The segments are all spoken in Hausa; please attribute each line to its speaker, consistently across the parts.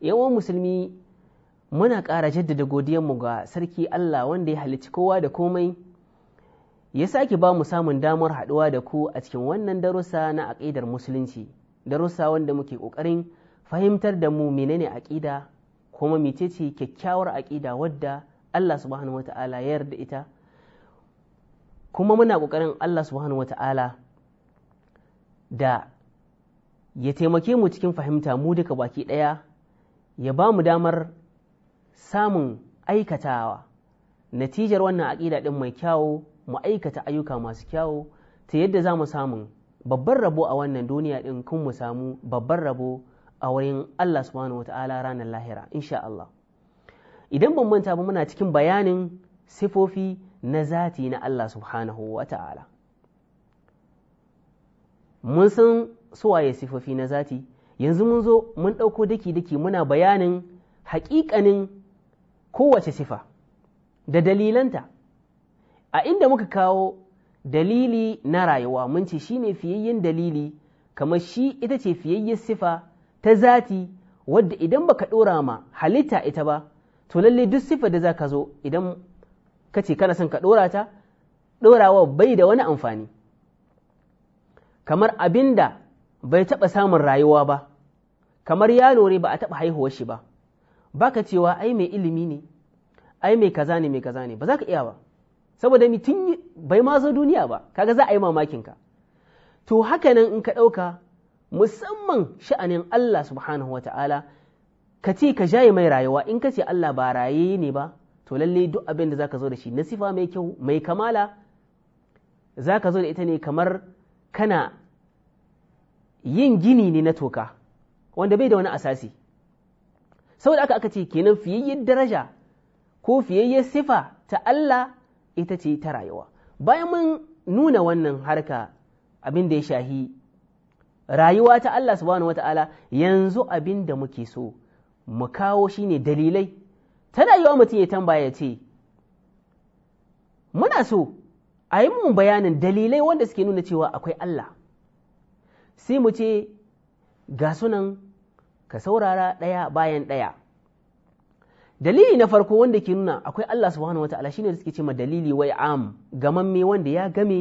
Speaker 1: yawan musulmi muna ƙara jaddada godiyanmu ga sarki Allah wanda ya halicci kowa da komai ya sake ba mu samun damar haɗuwa da ku a cikin wannan darussa na aƙidar musulunci darussa wanda muke ƙoƙarin fahimtar da mu menene aƙida kuma mecece kyakkyawar aƙida wadda Allah subhanahu wata'ala ya yarda ita kuma muna ƙoƙarin Allah subhanahu wata'ala da ya taimake mu cikin fahimta mu duka baki ɗaya ya ba mu damar samun aikatawa natijar wannan aƙida ɗin mai kyawo mu aikata ayyuka masu kyawo ta yadda za mu samu. babban rabo a wannan duniya ɗin kun mu samu babban rabo a wurin Allah subhanahu wa ta'ala ranar lahira insha Allah idan ban manta ba muna cikin bayanin sifofi na zati na Allah subhanahu wa ta'ala mun san suwaye sifofi na zati yanzu mun zo mun ɗauko daki-daki muna bayanin haƙiƙanin kowace sifa da dalilanta a inda muka kawo dalili na rayuwa mun ce shi ne fiyayyen dalili kamar shi ita ce fiyayyen sifa ta zati wadda idan baka ɗora ma halitta ita ba to lalle duk sifa da za ka zo idan ka ce kana son ka ɗora ta ɗorawa bai da wani amfani kamar abin da bai taɓa samun rayuwa ba kamar ya ne ba a taɓa haihuwa shi ba baka cewa ai mai ilimi ne ai mai kaza ne mai kaza ne ba za ka iya ba saboda mutum bai ma zo duniya ba kaga za a yi mamakin ka to haka nan in ka ɗauka musamman sha'anin Allah subhanahu wata'ala ka ce ka jaye mai rayuwa in ka ce Allah ba raye ne ba to lallai duk abin da zaka zo da shi na sifa mai kyau mai kamala zaka zo da ita ne kamar kana yin gini ne na toka wanda bai da wani asasi saboda aka aka ce kenan fiyayyen daraja ko fiyayyen sifa ta Allah ita ce ta rayuwa bayan mun nuna wannan harka abin da ya shahi rayuwa ta Allah subhanahu wata'ala yanzu abin da muke so mu kawo shine dalilai Ta rayuwa mutum ya tambaya ce muna so a yi mun bayanin dalilai wanda suke nuna cewa akwai Allah sai mu ce ga sunan ka saurara ɗaya bayan ɗaya dalili na farko wanda ke nuna akwai Allah subhanahu shi shine da suke ce ma dalili wai am me wanda ya game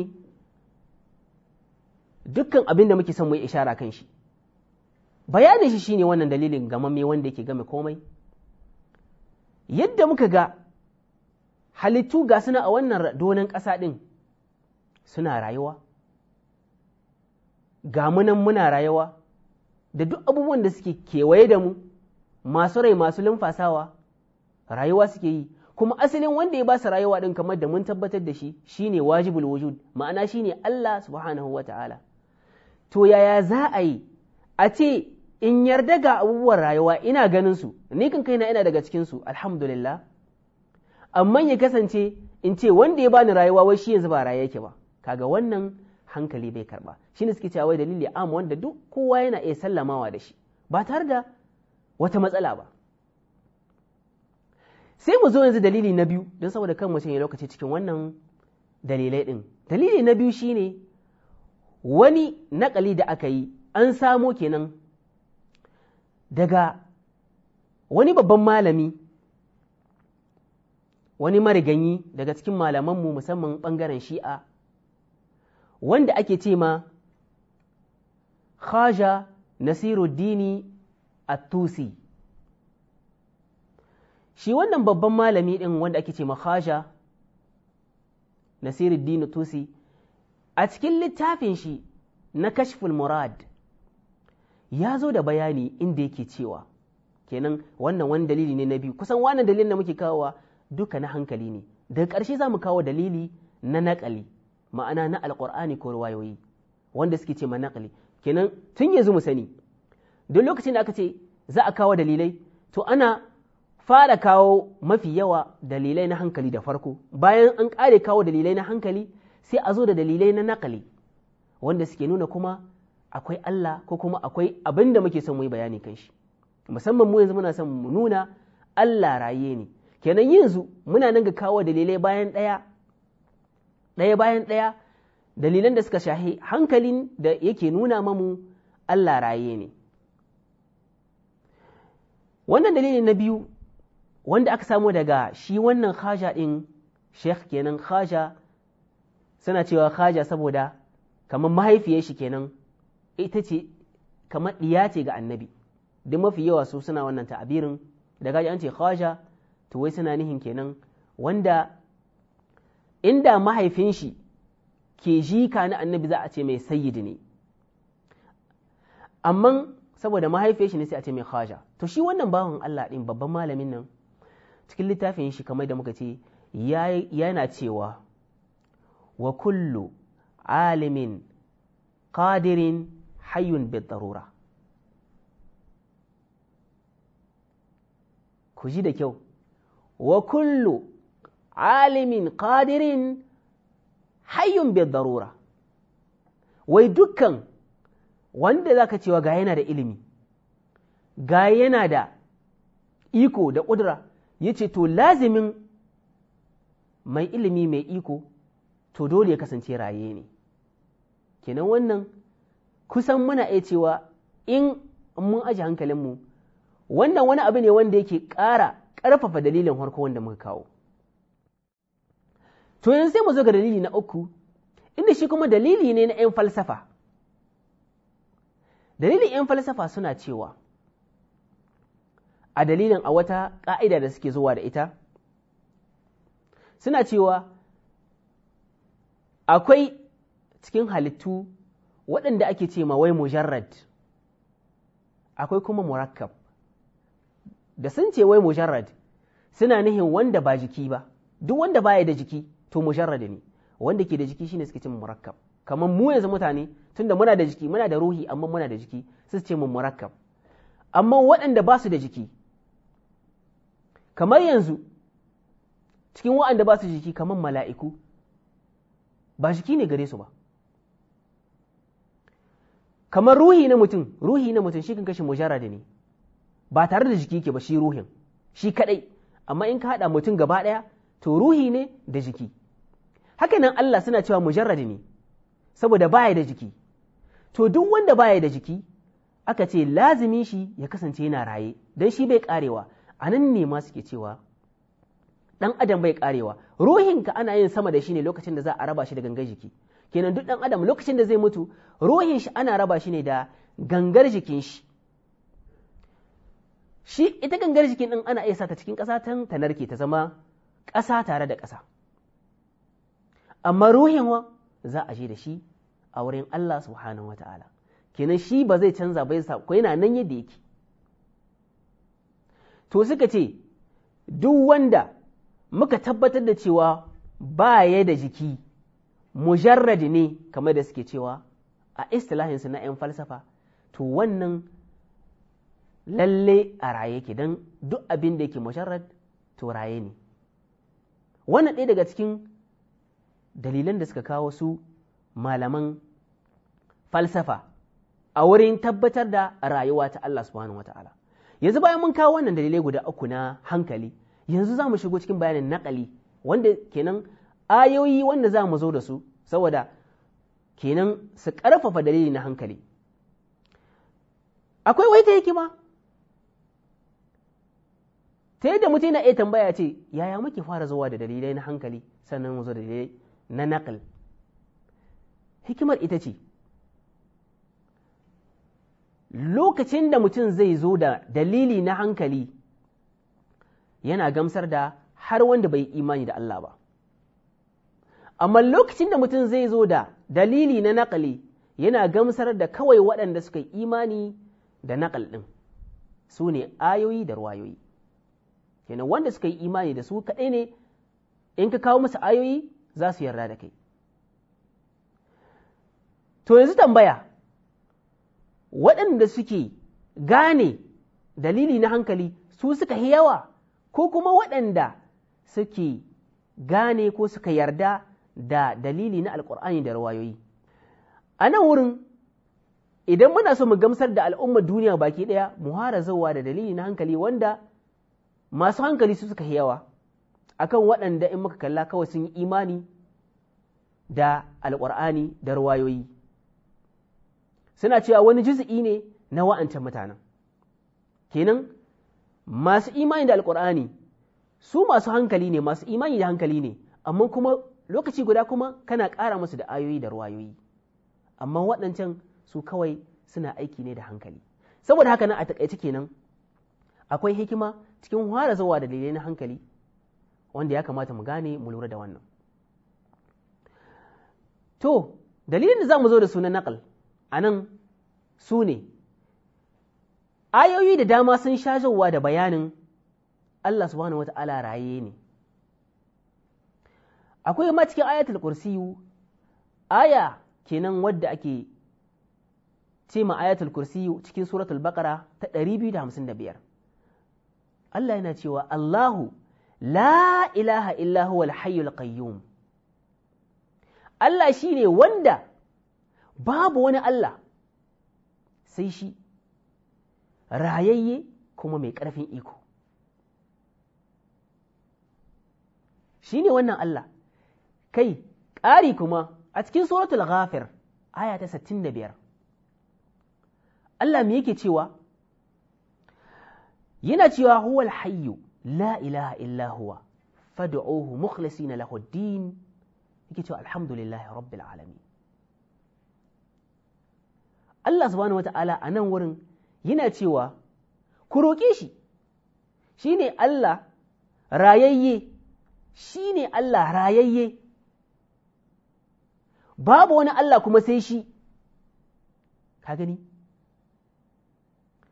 Speaker 1: dukkan abin da muke son mu yi ishara kan shi bayanin shi shi ne wannan dalilin me wanda yake game komai yadda muka ga halittu ga suna a wannan donan ƙasa ɗin suna rayuwa ga munan muna rayuwa da duk abubuwan da suke kewaye da mu masu rai masu lumfasawa rayuwa suke yi kuma asalin wanda ya ba su rayuwa din kamar da mun tabbatar da shi shine wajibul wujud ma'ana shine Allah subhanahu ta'ala. to yaya za a yi a ce in yarda ga abubuwan rayuwa ina ganin su ni kan kaina ina daga cikin su alhamdulillah amma ya kasance in ce wanda ya bani rayuwa wai shi yanzu ba raye yake ba kaga wannan hankali bai karba shine suke cewa wai dalili am wanda duk kowa yana iya sallamawa da shi ba tare da wata matsala ba sai mu zo yanzu dalili na biyu don saboda kan mutum ya lokaci cikin wannan dalilai din dalili na biyu shine wani nakali da aka yi an samo kenan daga wani babban malami wani mariganyi daga cikin malamanmu musamman bangaren shi'a wanda ake ce ma khaja nasiruddini at-tusi shi wannan babban malami ɗin wanda ake ce ma khaja nasiruddini at-tusi a cikin littafin shi na kashful murad ya zo da bayani inda yake cewa kenan wannan wani dalili ne na biyu kusan wannan dalilin da muke kawowa duka na hankali ne daga ƙarshe za mu kawo dalili na naƙali ma'ana na alƙur'ani ko ruwayoyi wanda suke ce manakali kenan tun yanzu mu sani duk lokacin da aka ce za a kawo dalilai to ana fara kawo mafi yawa dalilai na hankali da farko bayan an ƙare kawo dalilai na hankali sai a zo da dalilai na nakali wanda suke nuna kuma akwai Allah ko kuma akwai abin da muke son mu yi bayani kan shi musamman mu yanzu muna son mu nuna Allah raye ne kenan yanzu muna nan ga kawo dalilai bayan ɗaya ɗaya bayan ɗaya dalilan da suka shahi hankalin da yake nuna mamu Allah raye ne wannan dalilin na biyu wanda aka samu daga shi wannan khaja ɗin sheikh kenan khaja suna cewa khaja saboda kamar mahaifiyar shi kenan ita ce kamar ɗiya ce ga annabi duk mafi yawa su suna wannan ta'abirin da gaji an ce khaja to suna nihin kenan wanda inda mahaifin shi ke jika na annabi za a ce mai sayyidi ne amma saboda mahaifin shi ne sai a ce mai khaja to shi wannan bawan Allah din babban malamin nan cikin littafin shi kamar da muka ce yana cewa wa kullu alimin qadirin hayyun bi darura ku ji da kyau wa kullu alimin qadirin hayyun bi darura wai dukkan wanda zaka cewa ga yana da ilimi ga yana da iko da ƙudura yace to lazimin mai ilimi mai iko to dole ya kasance raye ne kenan wannan kusan muna iya cewa in mun aji hankalinmu wannan wani abu ne wanda yake ƙara ƙarfafa dalilin harko wanda muka kawo to yanzu sai mu zo ga dalili na uku inda shi kuma dalili ne na 'yan falsafa dalilin 'yan falsafa suna cewa a dalilin a wata ƙa'ida da suke zuwa da ita suna cewa akwai cikin halittu waɗanda ake ce ma wai mujarrad akwai kuma murakkab da sun ce wai mujarrad suna nihin wanda ba jiki ba duk wanda baya da jiki to mujarrada ne wanda ke da jiki shine suke ce murakkab kamar mu yanzu mutane tunda muna da jiki muna da ruhi amma muna da jiki su ce mu murakkab amma waɗanda ba su da jiki kamar yanzu cikin waɗanda ba su jiki kamar mala'iku ba jiki ne gare su ba kamar ruhi na mutum ruhi na mutum shi kan kashe mujarrada ne ba tare da jiki ke ba shi ruhin shi kadai amma in ka haɗa mutum gaba ɗaya to ruhi ne da jiki haka nan Allah suna cewa mujarrad ne saboda baya da jiki to duk wanda baya da jiki aka ce lazimi shi ya kasance yana raye don shi bai karewa a nan ne ma suke cewa dan adam bai karewa ruhinka ana yin sama da shi ne lokacin da za a raba shi da gangar jiki kenan duk dan adam lokacin da zai mutu ruhin shi ana raba shi ne da gangar jikin shi shi ita gangar jikin din ana iya sa ta cikin ƙasa ta narke ta zama ƙasa tare da kasa. amma ruhin wa za a je da shi a wurin Allah subhanahu wa ta'ala kenan shi ba zai canza bai sa ko yana nan yadda yake to suka ce duk wanda muka tabbatar da cewa ba ya da jiki mujarradi ne kamar da suke cewa a istilahinsu na 'yan falsafa to wannan lalle a raye ke don duk abin da yake mujarrad to raye ne wannan ɗaya daga cikin dalilan da suka kawo su malaman falsafa a wurin tabbatar da rayuwa ta Allah subhanahu wata'ala yanzu bayan mun kawo wannan dalilai guda uku na hankali yanzu za mu shigo cikin bayanin naƙali wanda kenan ayoyi wanda za mu zo da su saboda kenan su karfafa dalili na hankali akwai wai ta hikima ta yadda mutum na iya tambaya ce yaya muke fara zuwa da dalilai na hankali sannan mu zo da dalilai na naƙal hikimar ita ce lokacin da mutum zai zo da dalili na hankali yana gamsar da har wanda bai imani da Allah ba amma lokacin da mutum zai zo da dalili na naƙali yana gamsar da kawai waɗanda suka yi imani da naƙal ɗin su ne ayoyi da ruwayoyi kenan wanda suka yi imani da su kaɗai ne in ka kawo musu ayoyi za su yarda da kai to yanzu tambaya waɗanda suke gane dalili na hankali su suka yawa ko kuma waɗanda suke gane ko suka yarda da dalili na Alƙur'ani da rawayoyi a nan wurin idan muna so mu gamsar da al'ummar duniya baki ɗaya mu hara zauwa da dalili na hankali wanda masu hankali su suka yawa akan waɗanda in muka kalla kawai sun yi imani da alƙur'ani da ruwayoyi suna cewa wani juz'i ne na wa'ancan mutanen kenan masu imani da alƙur'ani su masu hankali ne masu imani da hankali ne amma kuma lokaci guda kuma kana ƙara musu da ayoyi da ruwayoyi amma waɗancan su kawai suna aiki ne da hankali saboda haka na, a taƙaice kenan akwai hikima cikin fara zuwa dalilai na hankali wanda ya kamata mu gane mu lura da wannan to dalilin da za mu zo da sunan naƙal a nan su ne ayoyi da dama sun sha shajarwa da bayanin Allah subhanahu ta'ala raye ne akwai ma cikin ayatul kursiyu aya kenan wadda ake ce ma ayatul kursiyu cikin suratul baqara ta ɗari da biyar. Allah yana cewa Allahu la ilaha illa huwa al-hayyul qayyum Allah shine wanda babu wani Allah sai shi rayayye kuma mai ƙarfin iko shine wannan Allah kai ƙari kuma a cikin suratul ghafir aya ta biyar. Allah me yake cewa yana cewa huwal hayyu la ilaha illa huwa fad'uhu mukhlisina lahu ad-din yake cewa alhamdulillahi rabbil alamin Allah subhanahu wata'ala a nan wurin yana cewa ku roƙe shi shine Allah rayayye shine Allah rayayye babu wani Allah kuma sai shi ka gani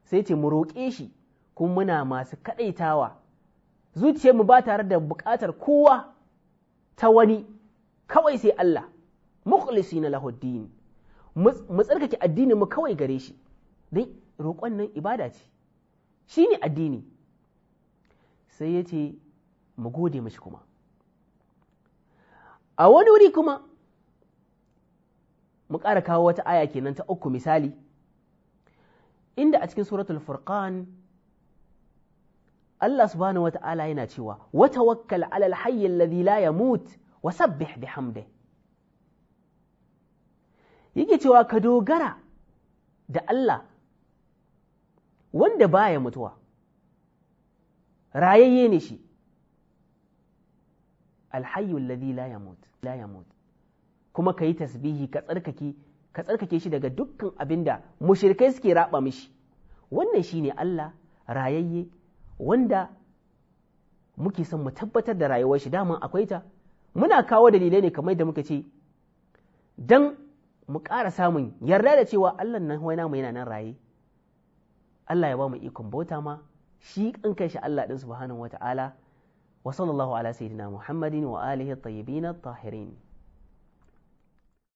Speaker 1: sai ce mu roƙe shi kuma muna masu kaɗaitawa mu ba tare da buƙatar kowa ta wani kawai sai Allah mukhlisi na lahuddin mu tsarkake addini mu kawai gare shi dai roƙon nan ibada ce shi ne addini sai ya ce mu gode mashi kuma a wani wuri kuma mu ƙara kawo wata aya kenan ta uku misali inda a cikin suratul furqan Allah subhanahu wata'ala yana cewa wata wakkal alal hayyil ladhi la yamut wa sabbih bihamdihi yake cewa ka dogara da Allah wanda baya mutuwa rayayye ne shi alhayyul ladhi la yamut la yamut kuma kayi tasbihi ka tsarkake ka tsarkake shi daga dukkan abinda mushirkai suke raɓa mishi wannan shine Allah rayayye wanda muke son mu tabbatar da rayuwar shi daman akwai ta muna kawo dalilai ne kamar da muka ce dan mu ƙara samun yarda da cewa Allah nan wai namu yana nan raye Allah ya ba mu ikon bauta ma shi kan kai shi Allah din subhanahu wata'ala wa sallallahu ala sayyidina Muhammadin wa alihi at-tayyibin tahirin